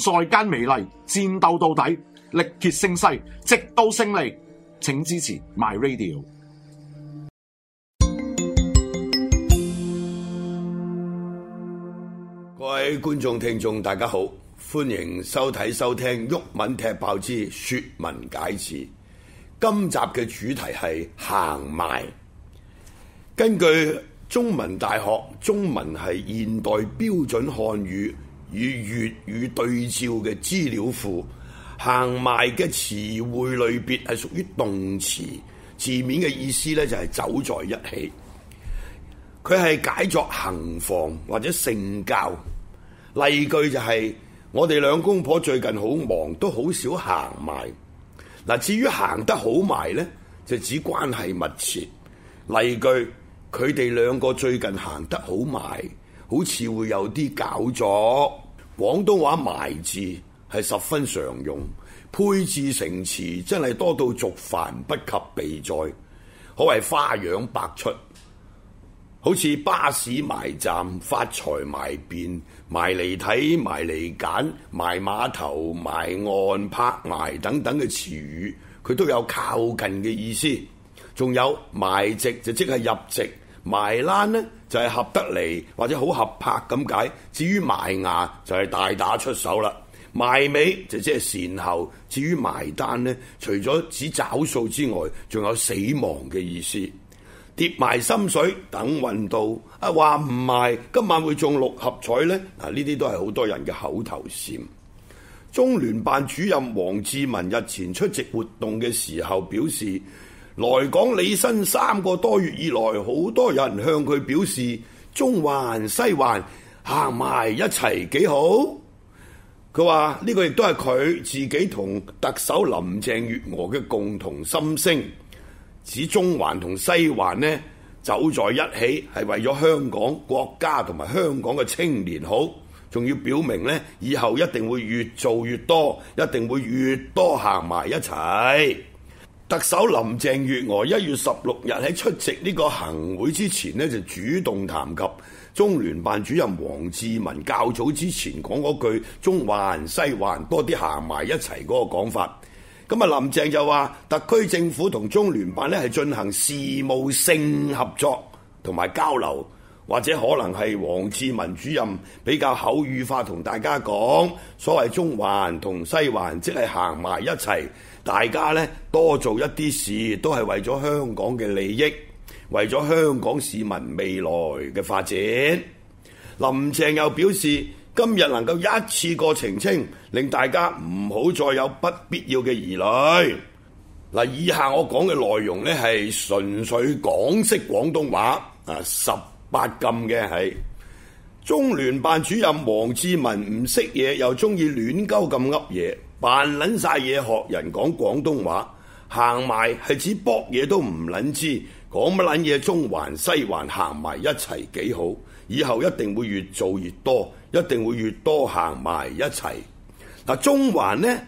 賽間美嚟，戰鬥到底，力竭勝勢，直到勝利，請支持 My Radio。各位觀眾聽眾大家好，歡迎收睇收聽《毓民踢爆之說文解字》。今集嘅主題係行埋。根據中文大學中文系現代標準漢語。與粵語對照嘅資料庫，行埋嘅詞彙類別係屬於動詞，字面嘅意思咧就係走在一起。佢係解作行房或者性交。例句就係、是：我哋兩公婆最近好忙，都好少行埋。嗱，至於行得好埋呢，就指關係密切。例句：佢哋兩個最近行得好埋。好似會有啲搞作，廣東話埋字係十分常用，配置成詞真係多到族繁，不及備載，可謂花樣百出。好似巴士埋站、發財埋便、埋嚟睇、埋嚟揀、埋碼頭、埋岸拍埋等等嘅詞語，佢都有靠近嘅意思。仲有埋席就即係入席。埋欄呢就係合得嚟或者好合拍咁解，至於埋牙就係大打出手啦，埋尾就即係善後，至於埋單呢，除咗指找數之外，仲有死亡嘅意思。跌埋心水等運到啊，話唔埋今晚會中六合彩呢。嗱呢啲都係好多人嘅口頭禪。中聯辦主任王志民日前出席活動嘅時候表示，來港履新三個多月以來，好多人向佢表示中環、西環行埋一齊幾好。佢話呢個亦都係佢自己同特首林鄭月娥嘅共同心聲，指中環同西環呢，走在一起係為咗香港國家同埋香港嘅青年好，仲要表明呢，以後一定會越做越多，一定會越多行埋一齊。特首林鄭月娥一月十六日喺出席呢個行會之前呢，就主動談及中聯辦主任王志文較早之前講嗰句中環西環多啲行埋一齊嗰個講法。咁啊，林鄭就話特區政府同中聯辦呢，係進行事務性合作同埋交流。或者可能係王志民主任比較口語化同大家講，所謂中環同西環即係行埋一齊，大家呢，多做一啲事都係為咗香港嘅利益，為咗香港市民未來嘅發展。林鄭又表示，今日能夠一次過澄清，令大家唔好再有不必要嘅疑慮。嗱，以下我講嘅內容呢，係純粹港式廣東話啊，十。八禁嘅係，中聯辦主任王志民唔識嘢，又中意亂鳩咁噏嘢，扮捻晒嘢，學人講廣東話。行埋係指卜嘢都唔捻知，講乜捻嘢？中環、西環行埋一齊幾好，以後一定會越做越多，一定會越多行埋一齊。嗱，中環呢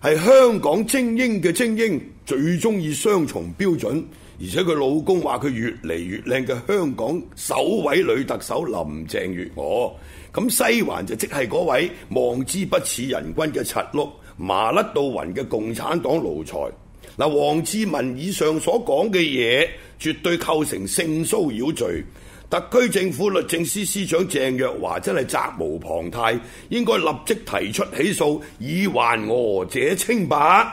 係香港精英嘅精英，最中意雙重標準。而且佢老公話佢越嚟越靚嘅香港首位女特首林鄭月娥，咁西環就即係嗰位望之不似人君嘅柒碌麻甩到暈嘅共產黨奴才。嗱，黃毓民以上所講嘅嘢，絕對構成性騷擾罪。特區政府律政司司長鄭若驊真係責無旁貸，應該立即提出起訴，以還我者清白。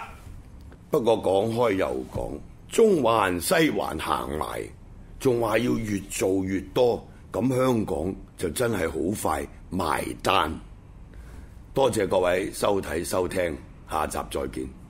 不過講開又講。中環、西環行埋，仲話要越做越多，咁香港就真係好快埋單。多謝各位收睇收聽，下集再見。